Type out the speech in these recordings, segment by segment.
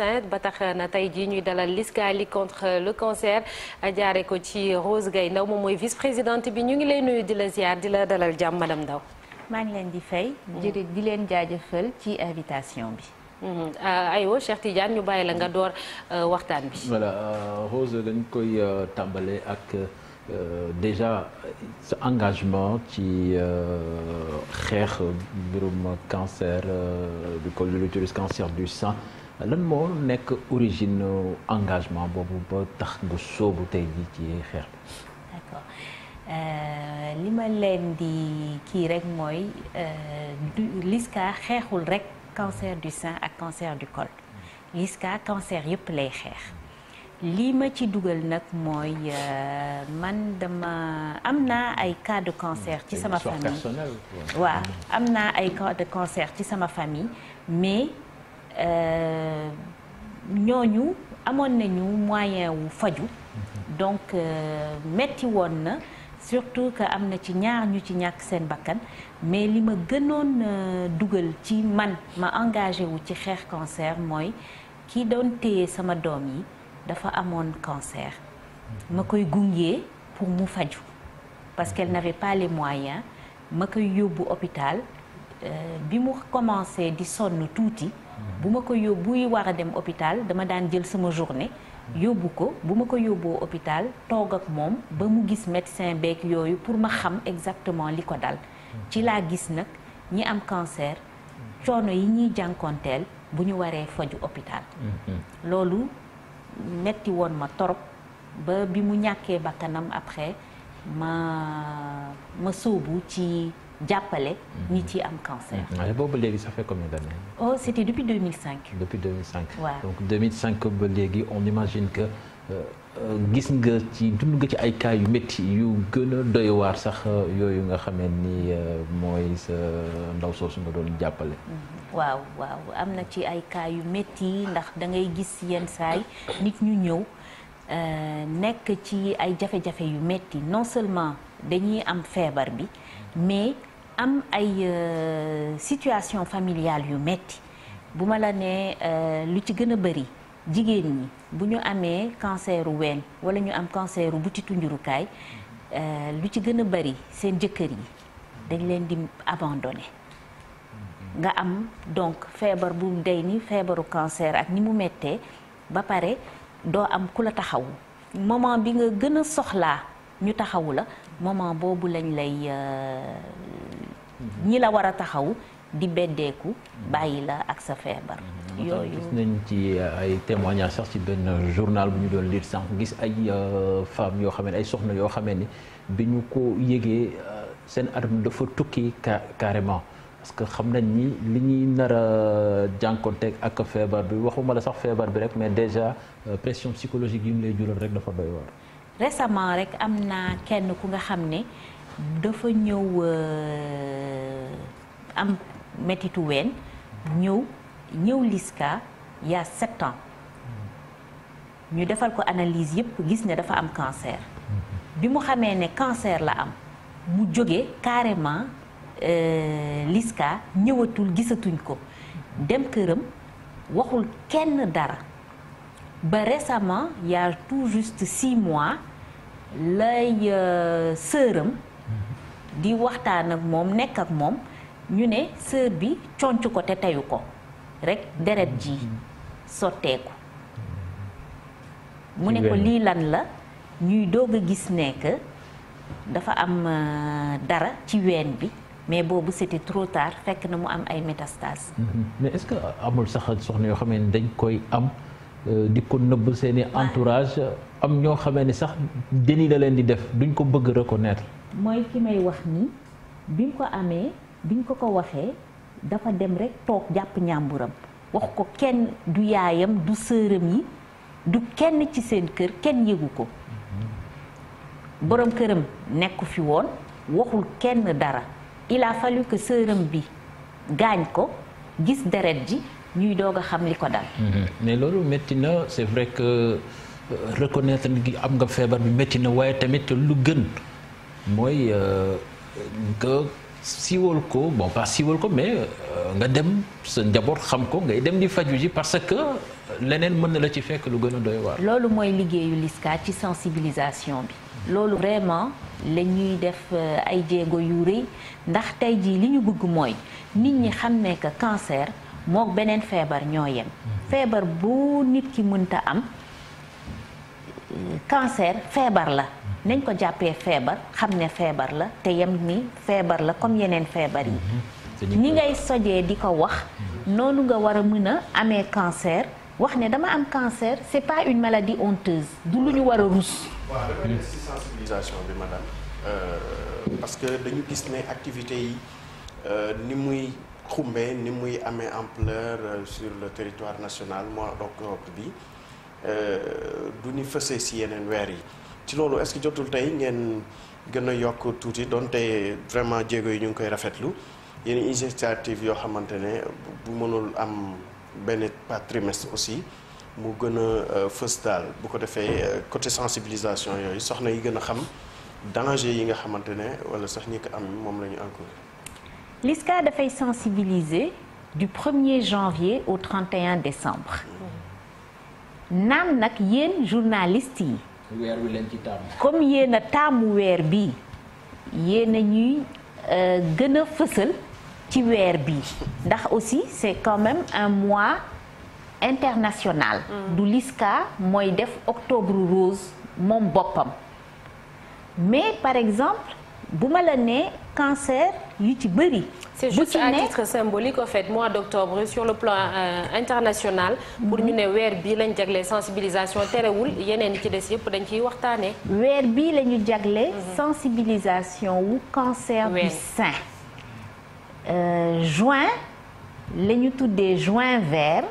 sein ba tax na tey jii ñuy dalal LISCA Ligue contre le cancer jaare ko ci Rose Gaye Ndaw moom mooy vice présidente bi ñu ngi lay nuyu di la ziar di la dalal jàmm madame Ndaw maa ngi leen di fay. Mm-hmm. jërëjëf di leen jaajëfal ci invitation bi. Mm-hmm. Ah, aywa Cheikh Tidiane ñu bàyyi la nga door euh, waxtaan bi. voilà euh, Rose dañ koy euh, tàmbale ak déjà sa engagement ci xeex mbirum cancer du col de l'utérus cancer du sein. lan moo nekk origine engagement boobu ba tax nga soobu tey ci xeex bi. d'accord euh, li ma leen di kii rek mooy euh, liska xeexul rek cancer du sein ak cancer du col. LISCA cancer yëpp lay xeex. lii ma ci dugal nag mooy euh, man dama am naa ay cas de cancer ci sama famille waaw am na ay cas de cancer ci sama famille mais. Euh, ñooñu amoon nañu moyen wu faju mhm. donc euh, metti woon na surtout que am na ci ñaar ñu ci ñàkk seen bakkan mais li ma gënoon euh, dugal ci man ma engagé wu ci xeex cancer mooy ki doon téye sama doom yi dafa amoon cancer mhm. ma koy gunge pour mu faju parce qu'elle n'avait pas les moyens ma koy yóbbu hôpital bi mu commencé di sonn tuuti bu ma ko yóbbu war a dem hôpital dama daan jël sama journée yóbbu ko bu ma ko yóbboo hôpital toog ak moom ba mu gis médecin beeg yooyu pour ma xam exactement li ko dal ci laa gis nag ñi am cancer coono yi ñuy jànkoonteel bu ñu waree faju hôpital loolu metti woon ma torop ba bi mu ñàkkee bakkanam après ma ma sóobu ci jàppale ñi ci am cancer. waaye mm-hmm. boobu léegi ça fait combien d'années? oh c'était depuis 2005. depuis 2005. waaw donc 2005 ba léegi on imagine que. Euh, euh, gis nga ci dund nga ci ay cas yu métti yu gën a waar sax euh, yooyu nga xamee ni mooy sa ndaw soosu nga doon jàppale. Mm-hmm. waaw waaw am na ci ay cas yu métti ndax da ngay gis yenn saay nit ñu ñëw nekk ci ay jafe-jafe yu métti non seulement dañuy am feebar bi mais. am ay euh, situation familiale yu metti bu ma la nee euh, lu ci gën a bëri jigéen ñi bu ñu amee canceru ween wala ñu am canceru butitu njurukaay euh, lu ci gën a bëri seen jëkkër yi dañ leen di abandonné nga am donc feebar bu day ni feebaru cancer ak ni mu mettee ba pare doo am ku la taxawu moment bi nga gën a soxlaa ñu taxawu la moment boobu lañ lay ñi la war a taxaw di beddeeku bàyyi la ak sa feebar. yooyu gis nañ ci euh, ay témoignages sax ci benn journal bu ñu doon lire sànq gis ay euh, femmes yoo xam ne ay soxna yoo xam ne bi ñu ko yëgee euh, seen atum dafa tukki carrément. parce que xam nañ ni li ñuy nar a teg ak feebar bi waxuma la sax feebar bi rek mais déjà pression psychologique yi mu lay jural rek dafa doy waar. récemment rek am na kenn ku nga xam ne. dafa ñëw euh, am métitu ween ñëw ñëw Liska il y ñu defal ko analyse yëpp gis ne dafa am cancer bi mu xamee ne cancer la am mu jóge carrément euh, Liska ñëwatul gisatuñ ko dem këram waxul kenn dara ba récemment il y a tout juste six mois lay euh, sëram di waxtaan ak moom nekk ak moom ñu ne sœur bi conc ko te teyu ko rek deret ji mm-hmm. sotteeku mm-hmm. mu ne ko lii lan la ñuy doog a gis ne que dafa am euh, dara ci ween bi mais boobu c'était trop tard fekk na mu am ay métastases. Mm-hmm. mais est-ce que amul sax ak soxna yoo xam ne dañ koy am euh, di ko nëbb seeni entourage am ñoo xamee ni sax déni la leen di def duñ ko bëgg reconnaître mooy ki may wax nii bi mu ko amee biñ ko ko waxee dafa dem rek toog jàpp ñàmburam wax ko kenn du yaayam du sëram yi du kenn ci seen kër kenn yëgu ko boroom këram nekku fi woon waxul kenn dara il a fallu que bi gaañ ko gis deret ji ñuy doog a xam li ko dal mm-hmm. mais loolu métti na c'est vrai que euh, reconnaître gi am nga feebar bi métti na waaye tamit lu gën mooy nga euh, siwol ko bon pas siiwal ko mais euh, nga dem sa njaboot xam ko ngay dem di faju ji parce que leneen mën na la ci fekk lu gën a doy waar. loolu mooy liggéeyu LISCA ci sensibilisation bi. loolu vraiment la ñuy def euh, ay jéego yu rëy ndax tey jii li ñu bugg mooy nit ñi xam ne que cancer mook beneen feebar ñoo yem. feebar bu nit ki mënta am cancer feebar la. nañ ko jàppee feebar xam ne feebar la te yem ni feebar la comme yeneen feebar yi ñi mhm. ngay sojee di ko wax mhm. noonu nga war a mën a amee cancer wax ne dama am cancer c'est pas une maladie honteuse du lu ñu war a rus waaw dafa hmm. nekk euh, parce que dañu gis ne activité yi euh, ni muy xumbee ni muy amee ampleur euh, sur le territoire national mois d'octobre bi du ñu fësee ci yeneen weer yi ci loolu est-ce que jotul tey ngeen gën a yokk tuuti donte vraiment jéego yi ñu ngi koy rafetlu yéen initiative yoo xamante ne bu mënul am benn par aussi mu gën a euh, fës daal bu ko defee euh, côté sensibilisation yooyu soxna yi gën a xam danger yi nga xamante ne wala sax ñi ko am moom lañu ñu encourir. LISCA dafay sensibiliser du 1er janvier au 31 décembre. Mm. naam nag yéen journaliste yi. weer wi leen comme yéen a taamu weer bi yéen a ñuy euh, gën a fësal ci weer bi ndax aussi c'est quand même un mois international. Mm. du liska mooy def octobre rose moom boppam mais par exemple. bu ma la nee cancer yu ci bëri. c'est juste à titre symbolique en fait mois d'octobre sur le plan euh, international. pour mhm. ñu ne weer bii lañ jagle sensibilisation terewul yeneen ci des yëpp dañ ciy waxtaanee. weer bii la ñu jagle. Mhm. sensibilisation wu cancer oui. du sein. Euh, juin la tuddee juin vert.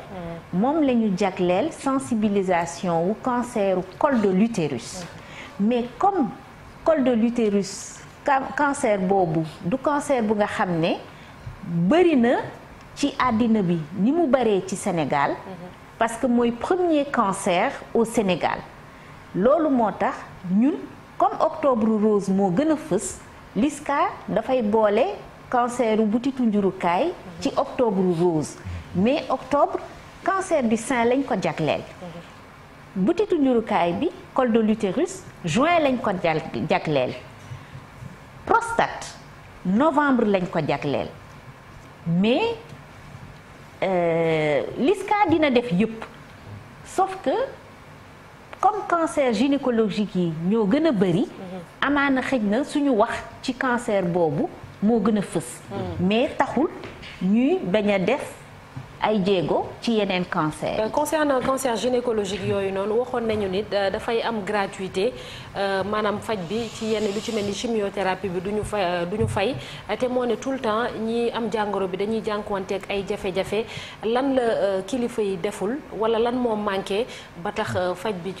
Mhm. moom la ñu jagleel sensibilisation wu cancer col de mais comme col de cancer boobu du cancer bu nga xam ne bëri na ci àddina bi ni mu bëree ci Sénégal mm-hmm. parce que mooy premier cancer au Sénégal loolu moo tax ñun comme octobre rose moo gën a fës LISCA dafay boole canceru butitu njurukaay ci mm-hmm. octobre rose mais octobre cancer du sein lañ ko jagleel mm-hmm. butitu njurukaay bi col de l'utérus juin lañ ko jagleel prostate novembre lañ ko jagleel mais euh, LISCA dina def yëpp sauf que comme cancer gynécologique yi ñoo gën a bëri mhm. amaana xëj na suñu wax ci cancer boobu moo gën a fës mhm. mais taxul ñuy bañ a def ay jéego ci yeneen cancer. Euh, concernant cancer gynécologique yooyu noonu waxoon nañu nit euh, dafay am gratuité Euh, maanaam faj bi ci yenn lu ci mel ni chimiothérapie bi du ñu fa euh, du fay te moo ne tout le temps ñi am jàngoro bi dañuy jànkuwanteeg ay jafe-jafe lan la euh, kilifa yi deful wala lan moo manqué ba tax faj bi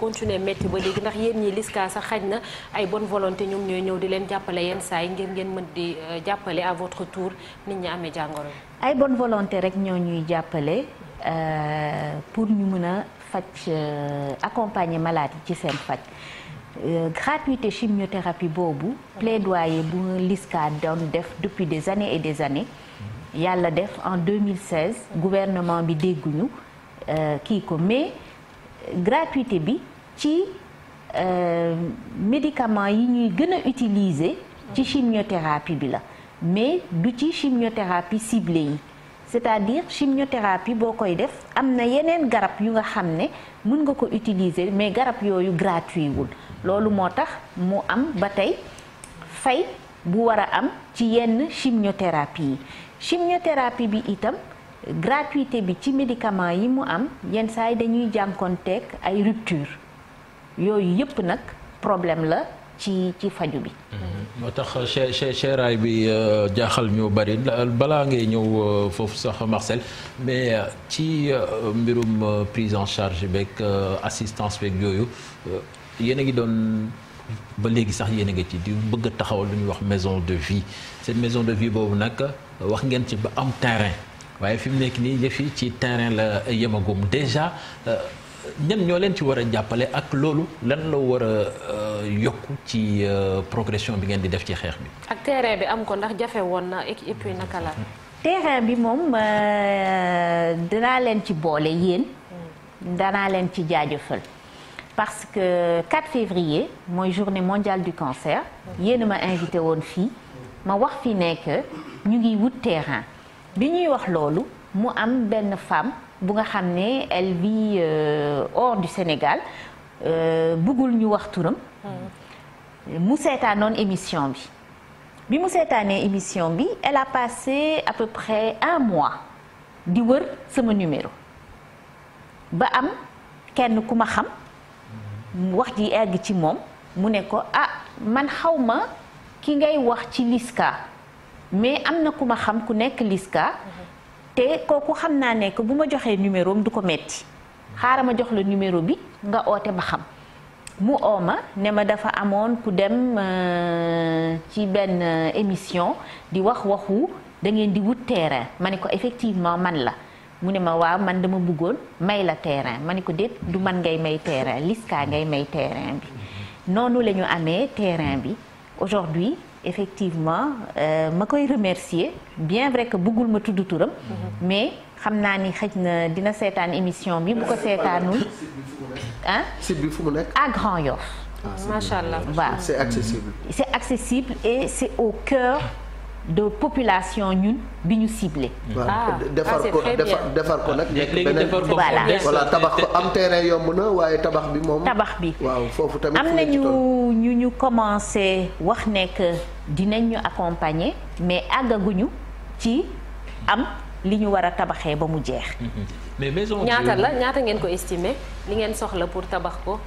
continuer métti ba léegi ndax yéen ñi liska sax xaj na ay bonne volonté ñoom ñooy ñëw di leen jàppale yenn saa yi ngeen ngeen mën di jàppale à votre tour nit ñi amee jàngoro ay bon volonté rek ñoo ñuy jàppale pour ñu mën a faj euh, accompagner malade yi ci seen faj euh, gratuité chimiothérapie boobu plaidoyer bu LISCA doon def depuis des années et des années yàlla def en 2016 gouvernement bi dégguñu euh, kii ko mais gratuité bi ci médicament yi ñuy gën a utiliser ci chimiothérapie bi la mais du ci chimiothérapie ciblée yi c'est-à-dire chimiothérapie boo koy def am na yeneen garab yu nga xam ne mën nga ko utiliser mais garab yooyu gratuit wul loolu moo tax mu am ba tey fay bu war a am ci yenn chimiothérapie yi chimiothérapie bi itam gratuité bi ci médicament yi mu am yenn saa yi dañuy teg ay rupture yooyu yëpp nag problème la ci ci faju bi mhm. moo tax seeraay bi euh, jaaxal ñu bari balaa ngay ñëw euh, foofu sax Marcel mais euh, ci mbirum prise en charge beeg assistance beeg yooyu yéen a ngi doon ba léegi sax yéen a ngi ci di bëgg a taxawal lu ñuy wax maison de vie cette maison de vie boobu nag wax ngeen ci ba am terrain waaye fi mu nekk nii yëf ci terrain la yemagum déjà. ñan ñoo leen ci war a jàppale ak loolu lan la war a euh, yokk ci euh, progression bi ngeen di def ci xeex bi. ak terrain bi am ko ndax jafe woon na et puis naka la. terrain bi moom euh, dinaa leen ci boole yéen. Hmm. danaa leen ci jaajëfal. parce que 4 février mooy journée mondiale du cancer. yéen ma invité woon fii. ma wax fi nekk ñu ngi wut terrain. bi ñuy wax loolu mu am benn femme. bu nga xam ne elle vit euh, hors du Sénégal euh, bëggul ñu wax turam. Hmm. mu seetaanoon émission bi bi mu seetaanee émission bi elle a passé à près un mois di wër sama numéro ba am kenn ku ma xam hmm. wax ji egg ci moom mu ne ko ah man xaw ma ki ngay wax ci Liska mais am na ku ma xam ku nekk Liska. Hmm. te kooku xam naa ne que bu ma joxee numéro am du ko metti xaaral ma jox la numéro bi nga oote ba xam mu ooma ne ma dafa amoon ku dem euh, ci benn euh, émission di wax waxu da ngeen di wut terrain ma ne ko effectivement man la mu ne ma waaw man dama buggoon may la terrain ma ne ko déet du man ngay may terrain Liska ngay may terrain bi mm-hmm. noonu lañu amee terrain bi aujourd'hui effectivement euh, ma koy remercier bien vrai que bëggul ma tudd turam mais xam naa ni xëj na dina seetaan émission bi bu ko seetaanul ah site bi fu mu nekk à Grand Yoff ah, allah waaw c'est accessible c'est accessible et au cœur de population ñun bi ñu cible ah, ah defar ko defar ko nag. léegi defar ko voilà tabax ko am terrain yomb na waaye tabax bi moom. tabax bi waaw foofu tamit. am na ñu ñu ñu wax nekk dinañ ñu accompagner mais àggaguñu ci am li ñu war a tabaxee ba mu jeex. Mm-hmm. mais maison ñaata la ñaata ngeen ko estimer li ngeen soxla pour tabax ko.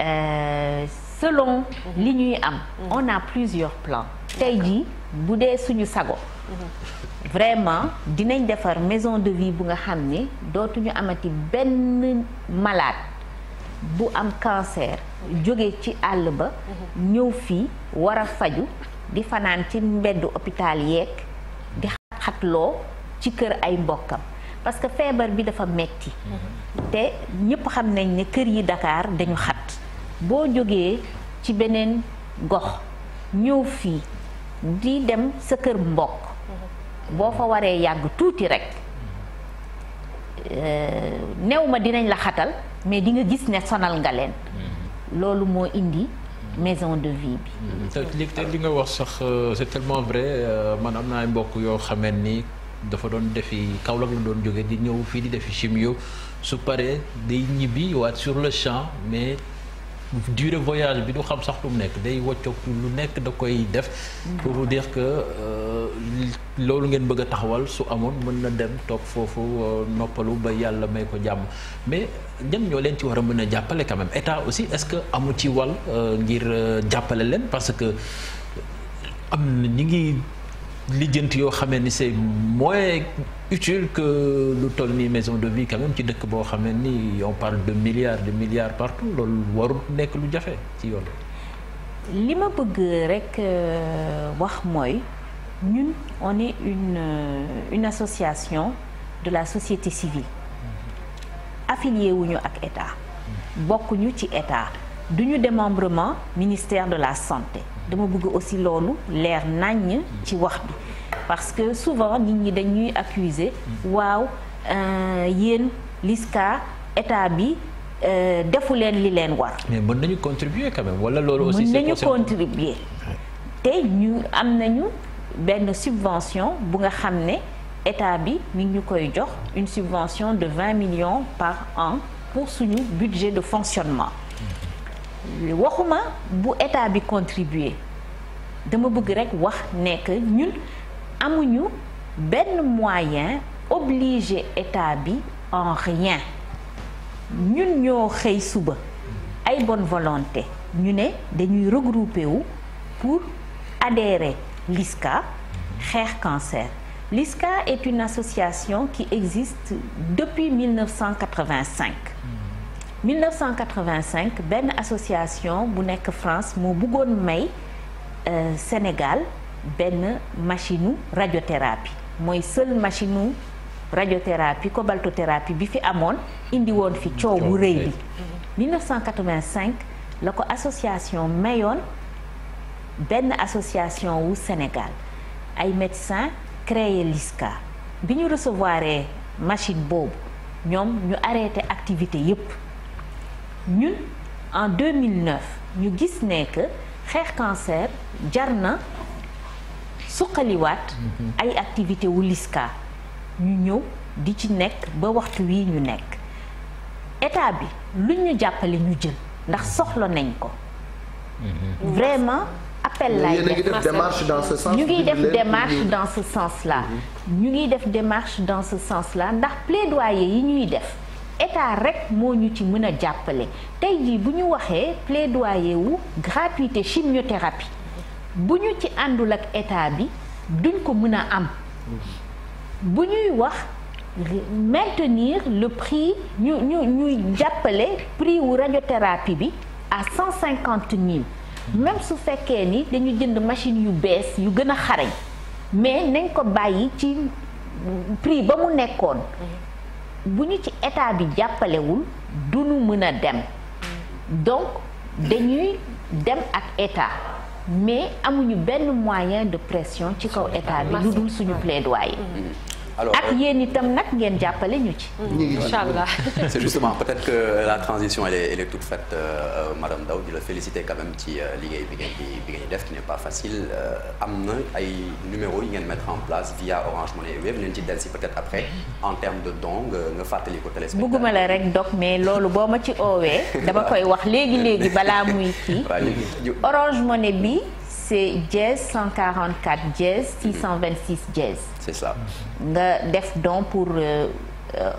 Euh, selon mm-hmm. li ñuy am. Mm-hmm. on a plusieurs plans. tey jii bu dee suñu sago. vraiment dinañ defar maison de vie bu nga xam ne dootuñu amati benn malade bu am cancer jóge ci àll ba ñëw fii war a faju di fanaan ci mbeddu hôpital yeeg di xatloo ci kër ay mbokkam parce que feebar bi dafa metti mhm. te ñëpp xam nañ ne kër yi dakaar dañu xat boo jógee ci beneen gox ñëw fii di dem sa kër mbokk mhm. boo fa waree yàgg tuuti rek euh, new ma dinañ la xatal mais di nga gis ne sonal nga leen mhm. loolu moo indi maison de vie bi. Mm-hmm. te li nga wax sax euh, c'est tellement vrai euh, man am naa mbokk yoo xamee ni dafa doon defi Kaolack la doon jóge di ñëw fii di defi chimio su pare day ñibbi waat sur le champ mais. durée voyage bi du xam sax lu mu nekk day woccoog lu nekk da koy def. pour vous que euh, loolu ngeen bëgg a taxawal su amoon mën na dem toog foofu euh, noppalu ba yàlla may ko jàmm mais ñan ñoo leen ci war a mën a jàppale quand même état aussi est-ce que amu ci wàll euh, ngir jàppale leen parce que am na ñi ngi. lijjanti yoo xamee ni c'est moins utile que lu toll nii maison de vie quand ci dëkk boo xamee ni on parle de milliards de milliards partout loolu warul nekk lu jafe ci yoon li ma bëgg rek euh, wax mooy ñun on est euh, une association de la société civile affilié wuñu ak état bokkuñu ci état duñu démembrement ministère de la santé dama bëgg aussi loolu leer naññ ci wax bi parce que souvent nit ñi dañuy accuser waaw euh, yéen LISCA état bi euh, defu leen li leen war. mais mën nañu contribuer quand même wala loolu aussi. mën nañu contribuer te ñu am nañu benn subvention bu nga xam ne état bi mi ñu koy jox une subvention de vingt millions par an pour suñu budget de fonctionnement. waxuma bu état bi contribuer dama bëgg rekk wax nekk ñun amuñu benn moyen obligé état bi en rien ñun ñoo xëy suba ay bon volonté ñu ne dañuy regrouper wu pour adhérer LISCA xeex cancer LISCA est une association qui existe depuis 1985 1985 benn association bu nekk France moo bëggoon may euh, Sénégal benn machine radiothérapie mooy seul machine radiothérapie cobaltothérapie bi fi amoon indi woon fi coow bu rëy bi. 1985 la ko association mayoon benn association wu Sénégal ay médecins créé LISCA bi ñu recevoir machine boobu ñoom ñu arrêté activité yépp ñun en 2009 ñu gis ne que xeex cancer jar na suqaliwaat mhm. ay activité wu LISCA ñu ñëw di ci nekk ba waxtu wii ñu nekk état bi lu ñu jàppale ñu jël ndax mhm. soxla nañ ko mhm. vraiment appel lay def ñu ngi def démarche dans ce sens là ñu ngi def démarche dans ce sens là ndax plaidoyer yi ñuy def état rek moo ñu ci mën a jàppale tey jii bu ñu waxee plaidoyer wu gratuité chimiothérapie bu ñu ci àndul ak état bi duñ ko mën a am bu ñuy wax maintenir le prix ñu ñu ñuy jàppale prix wu radiothérapie bi à cent cinquante mille même su fekkee ni dañu jënd machine yu bees yu gën a xarañ mais nañ ko bàyyi ci prix ba mu nekkoon bu ñu ci état bi jàppalewul du nu mën a dem donc dañuy dem ak état mais amuñu benn moyen de pression ci kaw état bi lu dul suñu plaidoyer alors ak euh, yéen itam nag ngeen jàppale ñu ci. Mm. incha allah c'est justement peut que la transition elle est tout est toute faite euh, madame Daw di la féliciter quand même ci euh, liggéey bi def qui n'est pas facile am na ay numéros yi ngeen mettre en place via Orange Money et Wave leen ci dellusi peut-être après en termes de don nga fàttali ko téléspectateur. bugguma la rek dog mais loolu boo ma ci oowee. dama koy wax léegi léegi balaa muy kii. Orange Money bi. c'est dièse 144 dièse 626 dièse. c'est ça. nga def don pour euh, euh,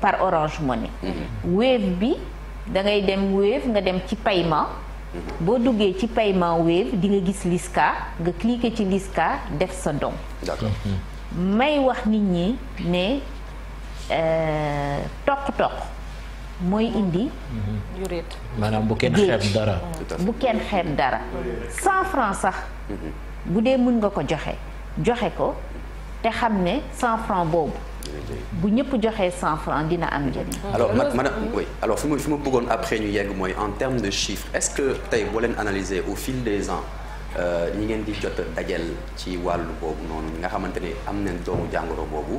par Orange Money. Mm-hmm. Wave bi da ngay dem Wave nga dem ci paiement. Mm-hmm. boo duggee ci paiement Wave di nga gis Liska nga cliquer ci Liska def sa don. may wax nit ñi ne euh, toq-toq. mooy indi. yuréet mm-hmm. maanaam bu kenn xeeb dara. bu kenn xeeb dara. cent franc sax. Mm-hmm. bu dee mën nga ko joxe joxe ko te xam ne cent franc boobu. bu ñëpp joxee cent franc dina am njëriñ. Mm-hmm. alors madame oui alors fi ma fi ma bëggoon après ñu yegg mooy en terme de chiffres est-ce que tey boo leen analyser au fil des ans euh, ñi ngeen di jot dajal ci wàll boobu noonu nga xamante ne am nañ doomu jàngoro boobu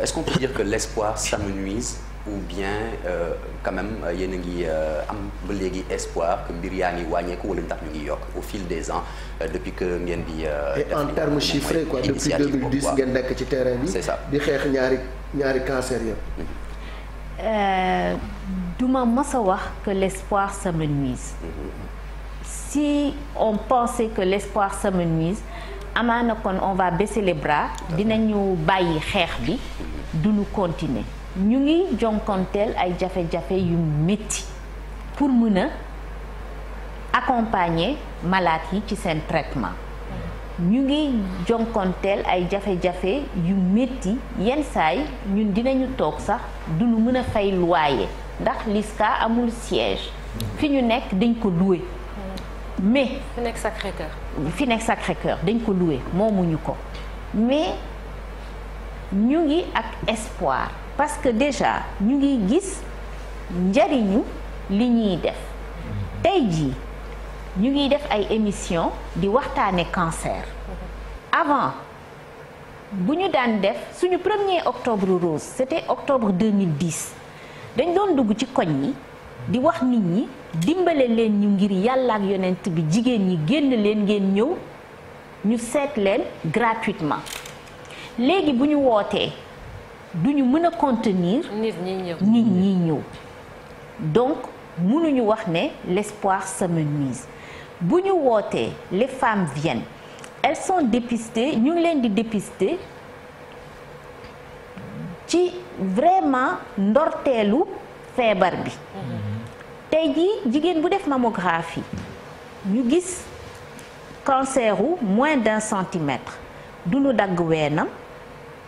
est-ce qu'on peut dire que l'espoir s'amenuise ou bien euh, quand même euh, yéen a ngi euh, am ba léegi espoir que mbir yaa ngi wàññeeku wala ndax ñu ngi yokk au fil des ans depuis que ngeen di. et en termes chiffrés quoi depuis 2010 ngeen nekk ci terrain bi. c'est ça di xeex ñaari ñaari cancer yëpp. Mm-hmm. ma mës a wax que l'espoir s'amenuise. Mm-hmm. si on pensait que l'espoir s'amenuise na kon on va baisser les bras dinañu bàyyi xeex bi mm-hmm. duñu continuer. ñu ngi jonkonteel ay jafe-jafe yu métti pour mën a accompagner malaat yi ci seen traitement ñu ngi jonkonteel ay jafe-jafe yu métti yenn saay ñun dinañu toog sax du ñu mën a fay loyer ndax LISCA amul siège fi ñu nekk dañ ko loué mais fi nekk sacré fi nekk Sacré-Cœur dañ ko loué moomuñu ko mais ñu ngi ak espoir parce que déjà ñu ngi gis njariñu li ñuy def tey jii ñu ngi def ay émissions di waxtaane cancer avant bu ñu daan def suñu premier octobre rose c'était octobre 2010 dañ doon dugg ci koñ yi di wax nit ñi dimbale leen ñu ngir yàlla ak yonent bi jigéen ñi génn leen ngeen ñëw ñu seetleen leen gratuitement léegi bu ñu wootee duñu ñu mën contenir. nit ñi ñëw donc mënuñu wax ne l'espoir s'amenuise bu ñu wootee les femmes viennent elles sont dépistées ñu ngi leen di dépister ci vraiment ndorteelu feebar bi. tey jii jigéen bu def mammographie ñu gis cancer wu moins d'un centimètre du ñu dagg weenam.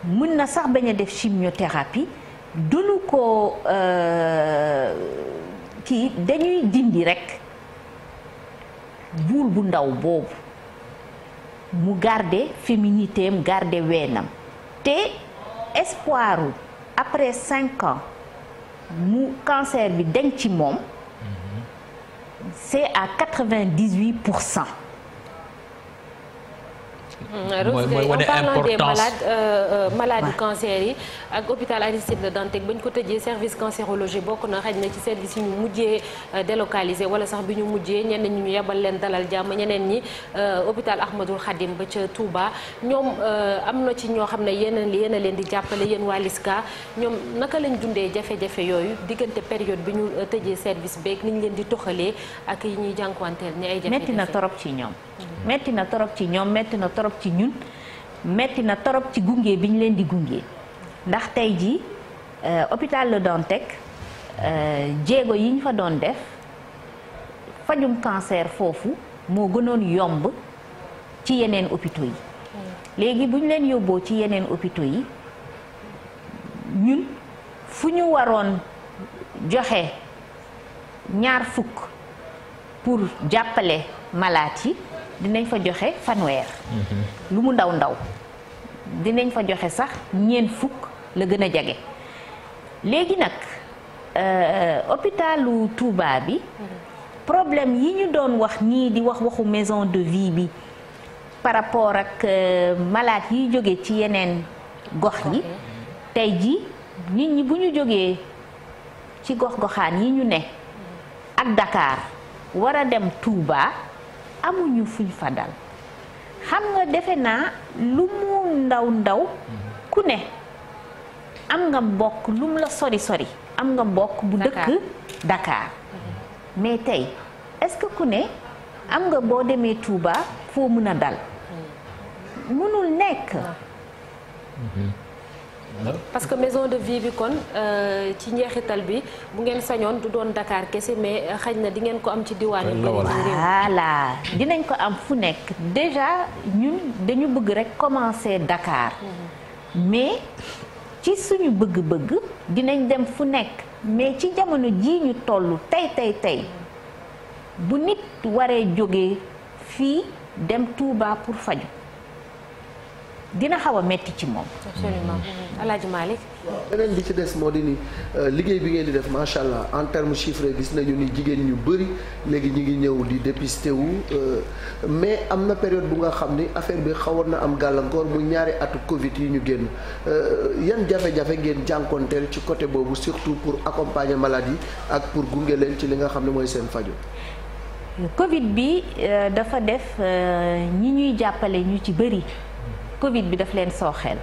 mën na sax bañ a def chimiothérapie duñu ko euh, kii dañuy dindi rekk buul bu ndaw boobu mu garder féminité am garder weenam te espoir après cinq ans mu cancer bi dañ ci moom mhm. c'est à quatre vingt dix pour cent Mm, mooy mooy wane importance malade euh, euh, malade cancer yi ak hôpital Aristide Le Dantec ba ñu ko tëjee service cancérologie bokk na xaj na ci service yi ñu mujjee euh, délocalisé wala sax bi ñu mujjee ñenn ñi ñu yebal leen dalal jàmm ñeneen ñi hôpital Ahmadul Khadim ba ca Touba ñoom am na ci ñoo xam ne yéen a leen di jàppale yéen waa ñoom naka lañ dundee jafe-jafe yooyu diggante période bi ñu tëjee service beeg ni leen di toxalee ak yi ñuy jànkuwanteel ñi ay jafe-jafe metti ci ñoom metti na torop ci ñoom metti na torop ci ñun metti na torop ci gunge bi ñu leen di gunge ndax tey jii euh, hôpital la Le Dantec euh, jéego yi ñu fa doon def fajum cancer foofu moo gënoon yomb ci yeneen hôpitaux yi léegi bu ñu leen yóbboo ci yeneen hôpitaux yi ñun fu ñu waroon joxe ñaar fukk pour jàppale malaat yi dinañ fa joxe fanweer. Mhm. lu mu ndaw ndaw. dinañ fa joxe sax ñeen fukk la gën a jege. léegi nag euh, hôpitalu Touba bi. problème yi ñu doon wax nii di wax waxu maison de vie bi par rapport ak euh, malaat yi jóge ci yeneen gox yi tey ji nit ñi bu ñu jógee ci gox goxaan yi ñu ne ak Dakar war a dem Touba amuñu fuñ fa dal xam nga defe naa lu mu ndaw ndaw ku ne am nga mbokk lu mu la sori sori am nga mbokk bu dëkk Dakar mais tey est-ce que ku ne am nga boo demee Touba foo mën a dal mënul hmm. nekk ah. mhm. parce que maison de vie bi kon euh, ci njeexital bi bu ngeen sañoon du doon dakaar kese mais xaj na di ngeen ko am ci diwaan yu bëri voilà dinañ ko am fu nekk déjà ñun dañu bëgg rek commencer Dakar mm-hmm. mais ci suñu bëgg-bëgg dinañ dem fu nekk mais ci jamono jii ñu toll tey tey tey bu nit waree jógee fii dem Touba pour faju dina xaw a metti ci moom. absolument mm-hmm. Alaaji Malick. waaw bi ci des moo di ni euh, liggéey bi ngeen di def macha allah en terme chiffré gis nañu ni jigéen ñu bëri léegi ñu ngi ñëw di dépisté wu euh, mais am na période bu nga xam ni affaire bi xawoon na am gàllankoor mu ñaari atu Covid yi ñu génn euh, yan jafe-jafe ngeen jànkoonteel ci côté boobu surtout pour accompagner malade yi ak pour gunge leen ci li nga xam ne mooy seen faju Covid bi dafa def ñi ñuy jàppale ñu ci bëri. Covid bi daf leen sooxeel.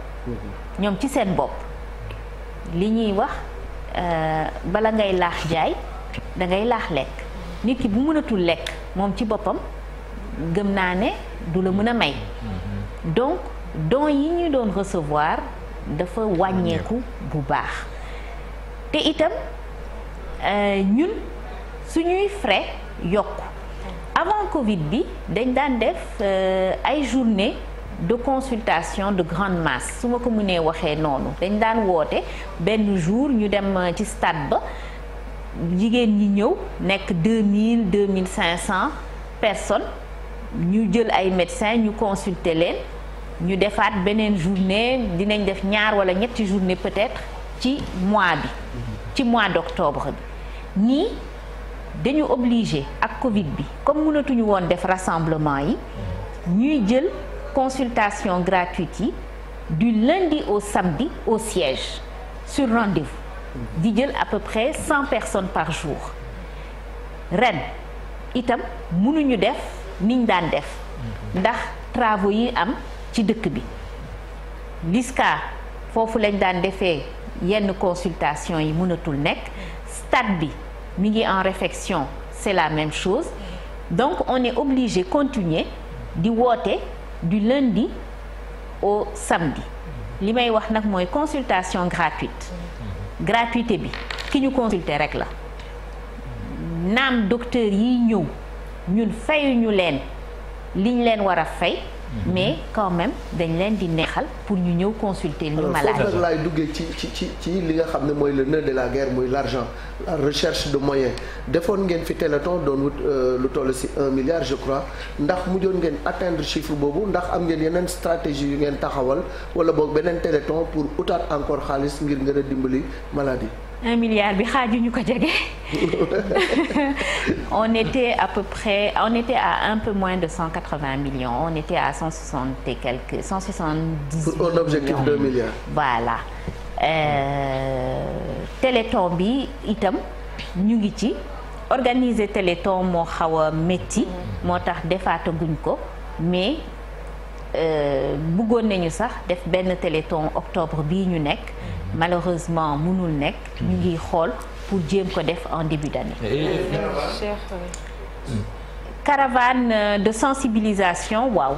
ñoom ci seen bopp li ñuy wax euh, bala ngay laax jaay dangay ngay laax lekk nit ki bu mënatul lekk moom ci boppam gëm naa ne du la mën a may. donc don yi ñu doon recevoir dafa wàññeeku bu baax te itam euh, ñun suñuy frais yokk avant Covid bi dañ daan def euh, ay journée de consultation de grande masse su ma ko mënee waxee noonu dañ daan woote benn jour ñu dem euh, ci stade ba jigéen ñi ñëw nekk deux mille deux mille cinq cent personnes ñu jël ay médecins ñu consulter leen ñu defaat beneen journée dinañ def ñaar wala ñetti journée peut-être ci mois bi ci mois d'octobre bi nii dañu obligé ak Covid bi comme munatuñu woon def rassemblement yi ñuy jël consultation gratuite yi du lundi au samedi au siège sur rendez di jël à peu cent personnes par jour ren itam mënuñu def niñ daan def ndax travaux yi am ci dëkk bi LISCA foofu lañ daan defee yenn consultation yi mënatul nekk stade bi mu ngi en reflexion c'est la même chose donc on est obligé continuer di woote du lundi au samedi li may wax nag mooy consultation gratuite gratuité bi ki ñu consulter rek la naam docteur yi ñëw ñun fayuñu leen liñ leen war a fay Mhm. mais quand même dañ leen di neexal pour ñu ñëw consulter ñu malade laay duggee ci ci ci ci li nga xam ne mooy le nœud de la guerre muy l'argent la recherche de moyen defoon ngeen fi téléthon doon wut euh, lu toll si un milliard je crois ndax mujjoon ngeen atteindre chiffre boobu ndax am ngeen yeneen stratégie yu ngeen taxawal wala boo beneen téléthon pour utaat encore xaalis ngir ngën a dimbali maladie un milliard bi xaajuñu ko jege on était à peu près on était à un peu moins de cent quatre vingt millions on était à cent soixante et quelques cent soixante dix. pour un objectif d'un milliard. voilà euh, bi itam ñu ngi ci organiser téléthon moo xaw a métti. moo tax defaataguñ ko mais euh, bëggoon nañu sax def benn téléthon octobre bii ñu nekk. malheureusement mënul nekk. ñu ngi xool pour jéem ko def en début d'année. caravane euh, de sensibilisation waaw.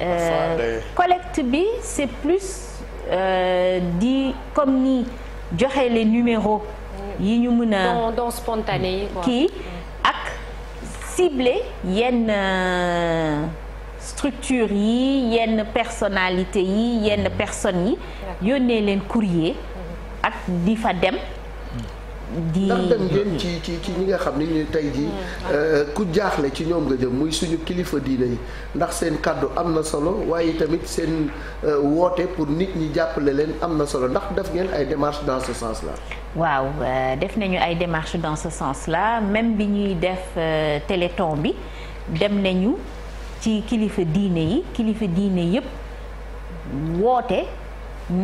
Euh, collecte bi c'est plus euh, di comme ni joxe les numéros. yi ñu mën a don spontané kii ak ciblé yenn. structure yi yenn personnalité yi yenn personnes yi yónnee leen courrier ak di fa dem di ndax dem ngeen ci ci ñi nga xam ni ñu tey jii euh, ku jaaxle ci ñoom nga jëm muy suñu kilifa diine yi ndax seen kàddu am na solo waaye tamit seen euh, woote pour nit ñi jàppale leen am na solo ndax def ngeen ay démarches dans ce sens là. waaw euh, def nañu ay démarches dans ce sens là même bi ñuy def téléthon bi dem nañu. ci kilifa diine yi kilifa diine yépp woote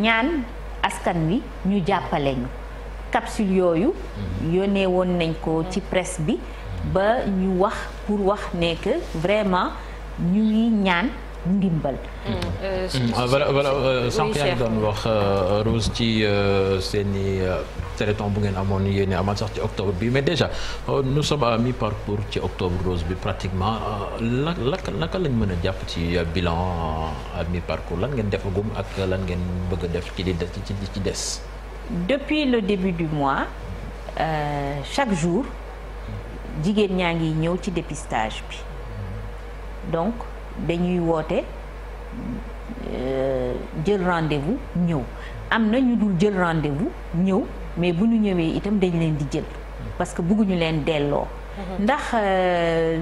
ñaan askan wi ñu jàppale ñu capsule yooyu mhm. yónnee woon nañ ko ci presse bi ba ñu wax pour wax nekk vraiment ñu ngi ñaan ndimbal. Mm, mm, euh, ah, voilà voilà euh, sànq yaa ngi doon wax euh, Rose ci seen i téléthon bu ngeen amoon yéen amaat sax ci octobre bi mais déjà nous sommes à mi ci octobre Rose bi pratiquement la naka naka lañ mën a jàpp ci bilan à mi parcours lan ngeen defagum ak lan ngeen bëgg a def ci di des ci ci des. depuis le début du mois chaque jour jigéen ñaa ngi ñëw ci dépistage bi donc. dañuy woote euh, jël rendez ñëw am na ñu dul jël rendez ñëw mais bu ñu ñëwee itam dañ leen di jël parce que bëgguñu leen delloo mhm. ndax euh,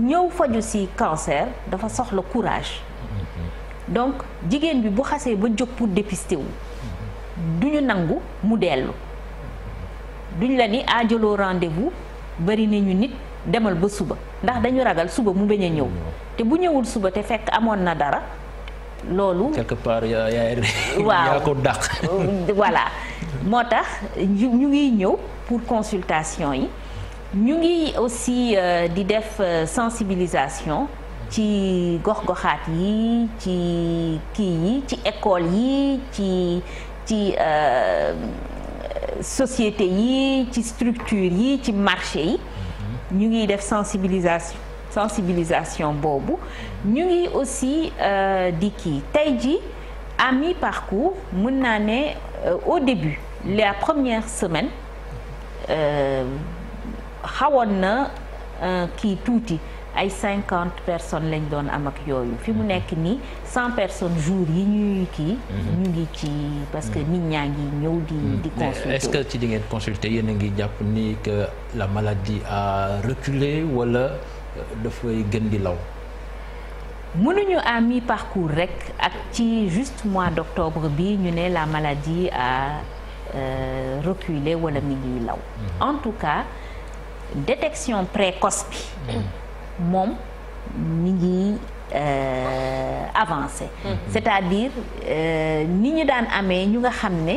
ñëw faju ci cancer dafa soxla courage mhm. donc jigéen bi bu xasee ba jóg pour dépister wu mhm. duñu nangu mu dellu duñ la ni ajaloo ah, rendez-vous bari nañu nit demal ba suba ndax dañu ragal suba mu bañ a ñëw te bu ñëwul suba te fekk amoon na dara loolu quelque part yaay yaa euh, voilà moo tax ñu ngi ñëw pour consultation yi ñu ngi aussi euh, di def euh, sensibilisation ci gox-goxaat yi ci kii yi ci école yi ci ci société yi ci structure yi ci marché yi ñu ngi def sensibilisation sensibilisation boobu ñu ngi aussi euh, di ki tey ji à mi parcours mën naa ne euh, au début la première semaine euh, xawoon na kii tuuti ay cinquante personnes lañ doon am ak yooyu fi mu mhm. nekk nii cent personnes jours yi ñuy kii. Mhm. ñu ngi ci parce que nit ñaa ngi ñëw di. Mhm. di consulter est ci di ngeen yéen a ngi jàpp ni que la maladie a reculé wala euh, dafay gën di law. mënuñu à mi parcours rek ak ci juste mois d'octobre bi ñu ne la maladie a euh, reculé wala mi law. en tout cas détection précoce bi. moom mi ngi euh, avancé. Mm-hmm. c'est-à-dire euh, ni ñu daan amee ñu nga xam ne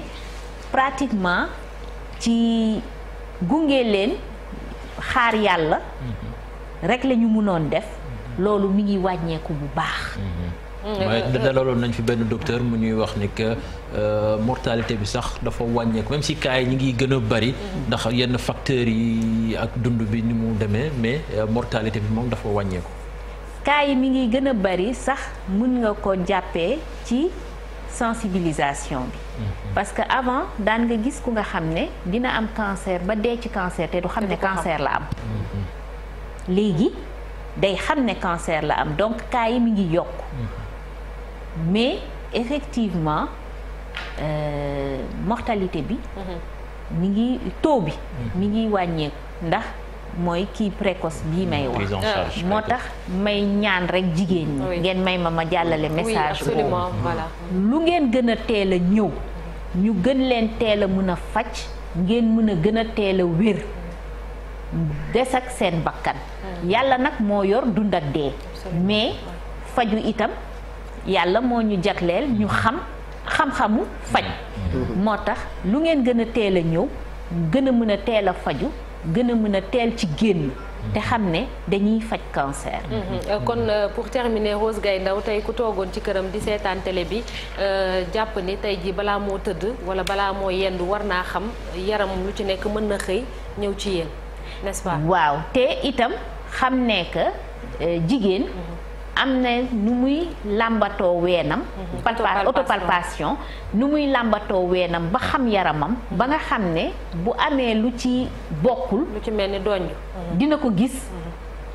pratiquement ci gunge leen xaar yàlla. Mm-hmm. rek la ñu mënoon def. Mm-hmm. loolu mi ngi wàññeeku bu baax. mooy mm. dalaloon nañ fi benn docteur mu ñuy wax ni que euh, mortalité bi sax dafa wàññeeku même si cas yi ñu ngi gën a bari. Mm-hmm. ndax yenn facteurs yi ak dund bi ni mu demee mais euh, mortalité bi moom dafa wàññeeku. cas yi mi ngi gën a bari sax mën nga ko jàppee ci sensibilisation bi. Mm-hmm. parce que avant daan nga gis ku nga xam ne dina am cancer ba dee ci cancer te du xam ne cancer la am. Mm-hmm. léegi day xam ne cancer la am donc cas yi mi ngi yokk. mais effectivement euh, mortalité bi. Mhm. mi ngi taux bi. Mhm. mi ngi wàññeeku ndax mooy kii précoce bi may wax. Ah. moo tax may ñaan rek jigéen ñi. ngeen may ma ma jàllale message. oui voilà. lu ngeen gën a teel a ñëw. ñu gën leen teel a mën a faj. ngeen mën a gën a teel a wér. des ak seen bakkan. Hmm. yàlla nag moo yor dundal ak dee. mais faju itam. yàlla moo ñu jagleel ñu xam xam-xamu faj moo tax lu ngeen gën a teel a ñëw gën a mën a teel a faju gën a mën a teel ci génn te xam ne dañuy faj cancer. Mm-hmm. Euh, kon euh, pour terminer Rose Gaye Ndaw tey ku toogoon ci këram di seetaan tele bi euh, jàpp ni tey ji balaa moo tëdd wala balaa moo yendu war naa xam yaram lu ci nekk mën na xëy ñëw ci yéen waaw te itam xam ne jigéen. Mm-hmm. am na lu muy làmbatoo weenam mm-hmm. palpa autopalpation nu muy làmbatoo weenam ba xam yaramam mm-hmm. ba nga xam ne bu amee lu ci bokkul lu ci mel ni doñ mm-hmm. dina ko gis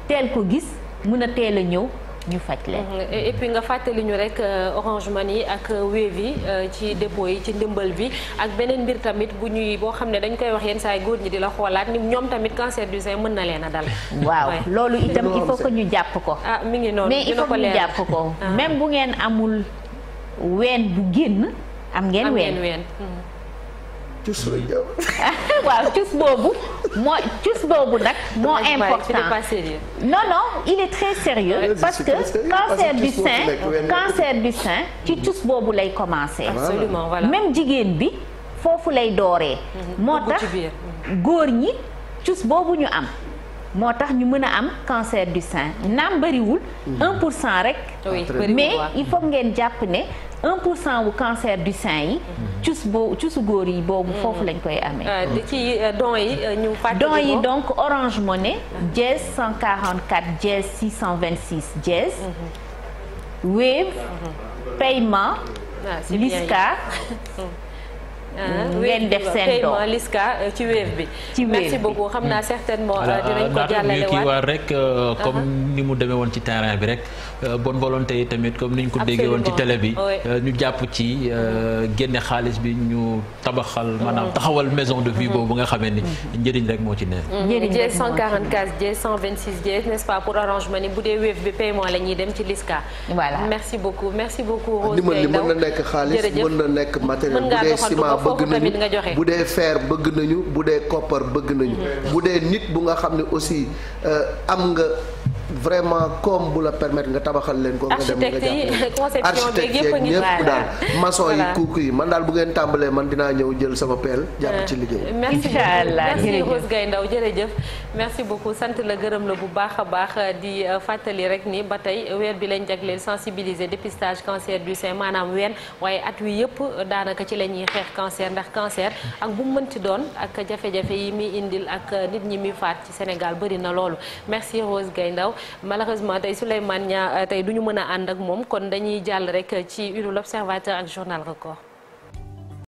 teel ko gis mun a teel a ñëw ñu faj leen. Mm-hmm. et nga fàttali ñu rek euh, Orange Money ak euh, Wave euh, yi ci dépôt yi ci ndimbal bi ak beneen mbir tamit bu ñuy boo xam ne dañ koy wax yenn saa góor ñi di la xoolaat ni ñoom tamit cancer du mën na leen a dal. waaw loolu itam il faut que ñu jàpp ko. ah mi ngi noonu mais il faut que jàpp ko. Ah. même bu ngeen amul ween bu génn. am ngeen ween am ngeen ween. Mm-hmm. cus la jàpp. waaw cus boobu moo cus boobu nag moo important non non il est très sérieux oui, parce que cancer du sein ci cus boobu lay commencé absolument jigéen bi foofu lay dooree. Mhm. moo tax góor ñi cus boobu ñu am. moo tax ñu mën a am cancer du sein naam bëriwul. Mhm. rek. mais il faut ngeen jàpp ne. un pour cent wu cancer du sein yi. Mhm. cus boobu cusu góor yi boobu foofu lañ koy amee. Euh, ci euh, don yi euh, ñu don yi donc Orange Money. Jazz 144 Jazz 626 Jazz. Mhm. Wave. Mhm. paiement. Ah, Lisca. Ah, mm. ngeen def seen doom paiement Liska euh, ci wéef bi. ci wéef bi merci beaucoup xam naa mm. certainement. Euh, dinañ ko jàllale waat rek euh, ah ah. comme ni mu demee woon ci terrain bi rek. bonne volonté yi tamit comme ni ñu ko déggee woon ci télé bi. ñu jàpp ci génne xaalis bi ñu tabaxal. Mm-hmm. maanaam taxawal maison de vie mm-hmm. boobu nga xamee ni. Mm-hmm. njëriñ rek moo ci ne. njëriñ rek moo ci ne 144 J 126 e J e e, nest pas pour arrangement ni bu dee wéef bi paiement la dem ci Liska. merci beaucoup merci beaucoup. Rose Gueye Ndao na nekk xaalis bëgg nañu bu dee fer bëgg nañu bu dee koppar bëgg nañu mm-hmm. bu dee nit bu nga xam ne aussi euh, am nga vraiment comme bu la permettre nga tabaxal leen ko nga dem nga jàpp architecte yeeg ñëpp daal maçon yi kuuku yi man daal bu ngeen tàmbalee man dinaa ñëw jël sama peel jàpp ci euh, liggéey merci merci Rose Gaye Ndaw jërëjëf merci beaucoup sant la gërëm la bu baax a baax euh, di euh, fàttali rek ni ba tey weer bi lañ jagleel sensibiliser dépistage cancer du sein maanaam ween waaye at wi yëpp daanaka ci la ñuy xeex cancer ndax cancer ak bu mu mënti doon ak jafe-jafe yi muy indil ak nit ñi muy faat ci Sénégal bëri na loolu merci Rose Gaye Ndaw malheureusement tey Souleymane Niang tey du ñu mën a ànd ak moom kon dañuy jàll rek ci uru l'observateur ak journal record